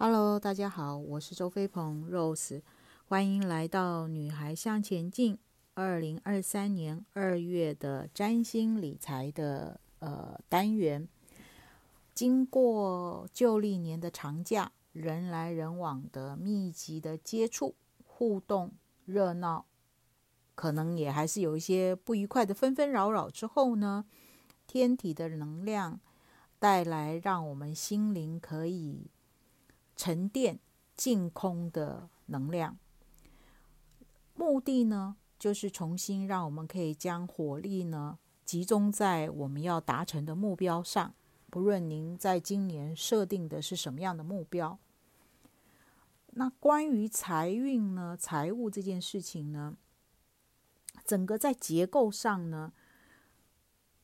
Hello，大家好，我是周飛芃 Rose，歡迎來到《女孩向錢進》二零二三年二月的占星理財的呃單元。經過舊曆年的長假，人來人往的密集的接觸、互動、熱鬧，可能也還是有一些不愉快的紛紛擾擾之後呢，天體的能量帶來讓我們心靈可以沉澱淨空的能量，目的呢，就是重新讓我們可以將火力呢集中在我們要達成的目標上。不論您在今年設定的是什麼樣的目標，那關於財運呢、財務這件事情呢，整個在結構上呢，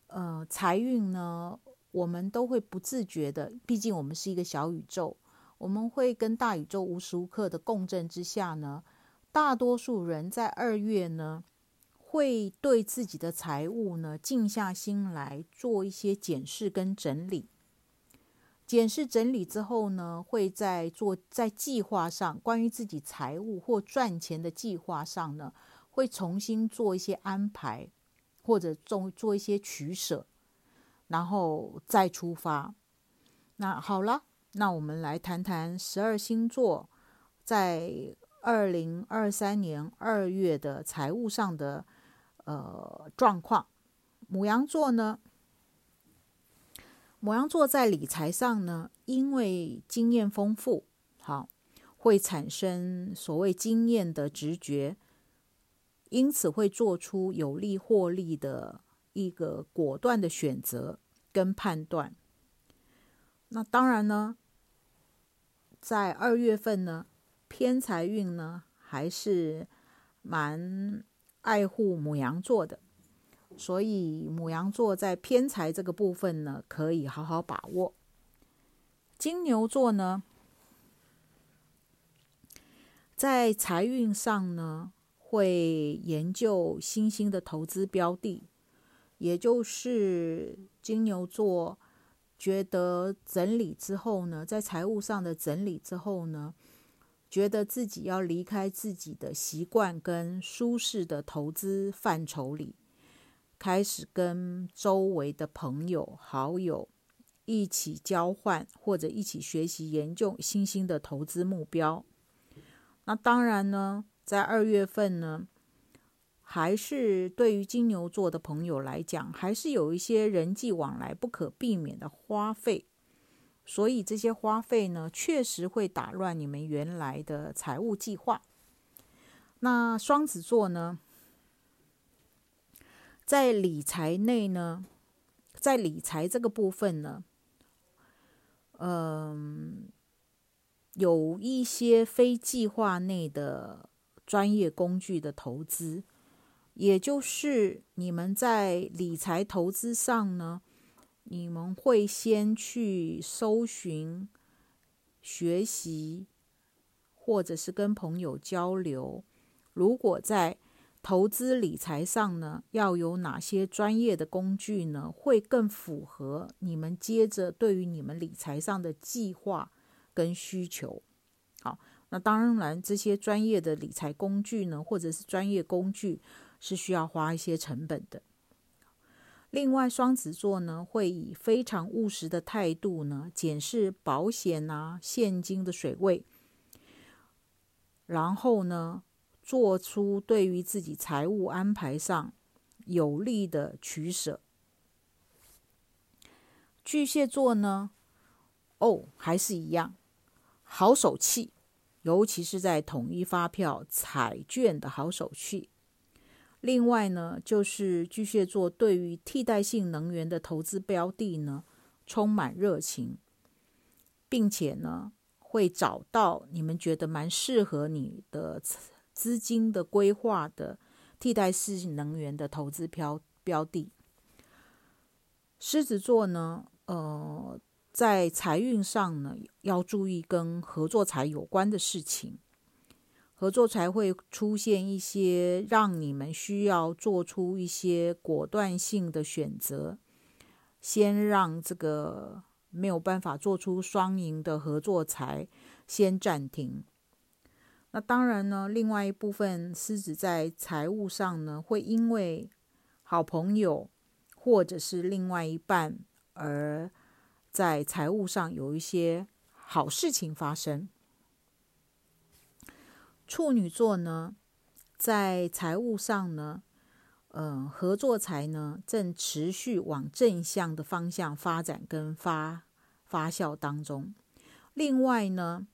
呃，財運呢，我們都會不自覺的，畢竟我們是一個小宇宙。我們會跟大宇宙無時無刻的共振之下呢，大多數人在二月呢，會對自己的財務呢靜下心來做一些檢視跟整理。檢視整理之後呢，會在做在計劃上關於自己財務或賺錢的計劃上呢，會重新做一些安排或者做做一些取捨，然後再出發。那好了。那我們來談談十二星座在二零二三年二月的財務上的呃狀況。牡羊座呢，牡羊座在理財上呢，因為經驗豐富，好，會產生所謂經驗的直覺，因此會做出有利獲利的一個果斷的選擇跟判斷。那當然呢。在二月份呢，偏財運呢還是蠻愛護牡羊座的，所以牡羊座在偏財這個部分呢，可以好好把握。金牛座呢，在財運上呢，會研究新興的投資標的，也就是金牛座，覺得整理之後呢，在財務上的整理之後呢，覺得自己要離開自己的習慣跟舒適的投資範疇裡，開始跟周圍的朋友好友一起交換或者一起學習研究新興的投資目標。那當然呢，在二月份呢。還是對於金牛座的朋友來講，還是有一些人際往來不可避免的花費，所以這些花費呢，確實會打亂你們原來的財務計劃。那雙子座呢，在理財內呢，在理財這個部分呢，嗯、呃，有一些非計劃內的專業工具的投資。也就是你們在理財投資上呢，你們會先去搜尋、學習，或者是跟朋友交流。如果在投資理財上呢，要有哪些專業的工具呢？會更符合你們接着對於你們理財上的計劃跟需求。好，那當然這些專業的理財工具呢，或者是專業工具。是需要花一些成本的。另外，雙子座呢，會以非常務實的態度呢，檢視保險啊、現金的水位，然後呢，做出對於自己財務安排上有利的取捨。巨蟹座呢，哦，還是一樣，好手氣，尤其是在統一發票、彩券的好手氣。另外呢，就是巨蟹座對於替代性能源的投資標的呢，充滿熱情，並且呢，會找到你們覺得蠻適合你的資金的規劃的替代性能源的投資標標的。獅子座呢，呃，在財運上呢，要注意跟合作財有關的事情。合作才會出現一些讓你們需要做出一些果斷性的選擇，先讓這個沒有辦法做出雙贏的合作才先暫停。那當然呢，另外一部分獅子在財務上呢，會因為好朋友或者是另外一半而在財務上有一些好事情發生。處女座呢，在財務上呢，嗯、呃，合作財呢，正持續往正向的方向發展跟發發酵當中。另外呢，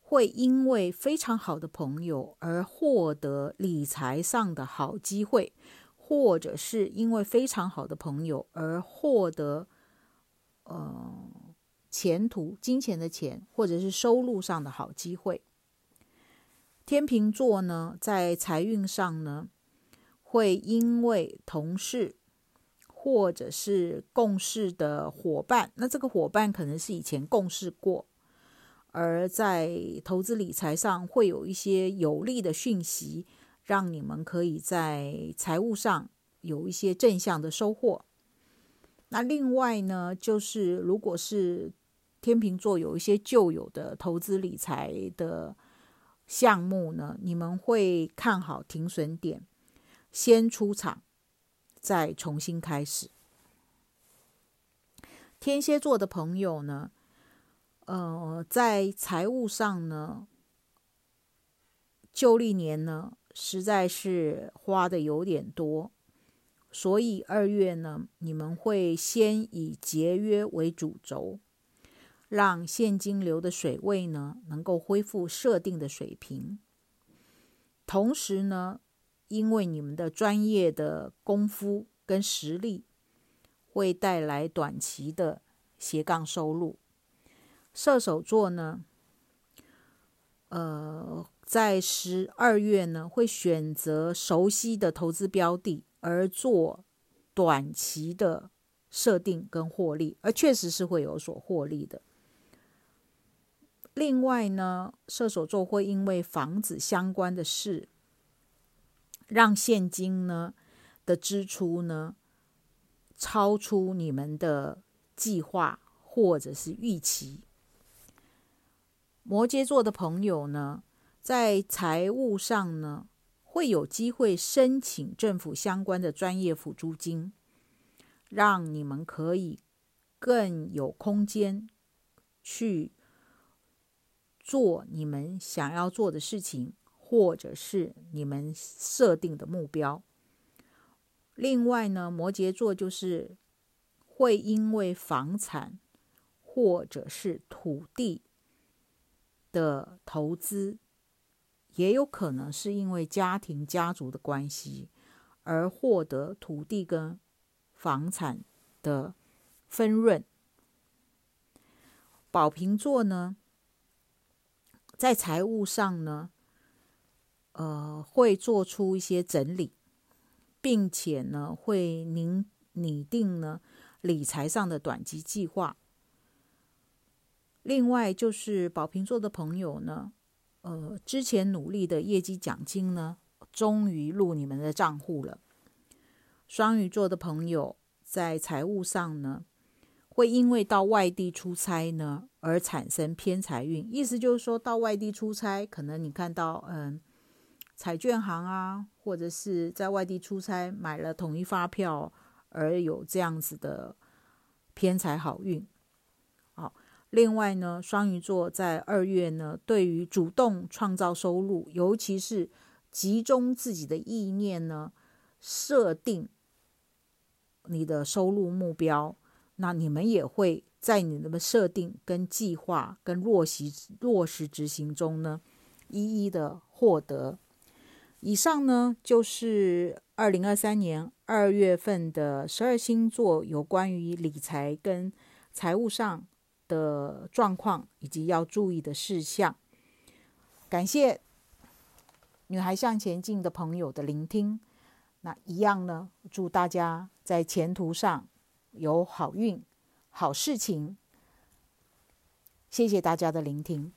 會因為非常好的朋友而獲得理財上的好機會，或者是因為非常好的朋友而獲得，呃，錢途、金錢的錢，或者是收入上的好機會。天秤座呢，在財運上呢，會因為同事或者是共事的夥伴，那這個夥伴可能是以前共事過，而在投資理財上會有一些有利的訊息，讓你們可以在財務上有一些正向的收穫。那另外呢，就是如果是天秤座有一些舊有的投資理財的。項目呢，你們會看好停損點，先出場，再重新開始。天蠍座的朋友呢，呃，在財務上呢，舊曆年呢，實在是花的有點多，所以二月呢，你們會先以節約為主軸。讓現金流的水位呢能夠恢復設定的水平，同時呢，因為你們的專業的功夫跟實力，會帶來短期的斜槓收入。射手座呢，呃，在十二月呢會選擇熟悉的投資標的，而做短期的設定跟獲利，而確實是會有所獲利的。另外呢，射手座會因為房子相關的事，讓現金呢的支出呢超出你們的計劃或者是預期。摩羯座的朋友呢，在財務上呢會有機會申請政府相關的專業輔助金，讓你們可以更有空間去。做你們想要做的事情，或者是你們設定的目標。另外呢，摩羯座就是會因為房產或者是土地的投資，也有可能是因為家庭家族的關係而獲得土地跟房產的分潤。寶瓶座呢，在財務上呢，呃，會做出一些整理，並且呢，會擬擬定呢理財上的短期計劃。另外就是寶瓶座的朋友呢，呃，之前努力的業績獎金呢，終於入你們的賬戶了。雙魚座的朋友在財務上呢，會因為到外地出差呢，而產生偏財運，意思就是說到外地出差，可能你看到嗯，彩券行啊，或者是在外地出差買了統一發票，而有這樣子的偏財好運。好，另外呢，雙魚座在二月呢，對於主動創造收入，尤其是集中自己的意念呢，設定你的收入目標。那你們也會在你的設定、跟計劃、跟落實、落實執行中呢，一一的獲得。以上呢，就是二零二三年二月份的十二星座有關於理財跟財務上的狀況以及要注意的事項。感謝女孩向錢進的朋友的聆聽。那一樣呢，祝大家在前途上，有好運，好事情。謝謝大家的聆聽。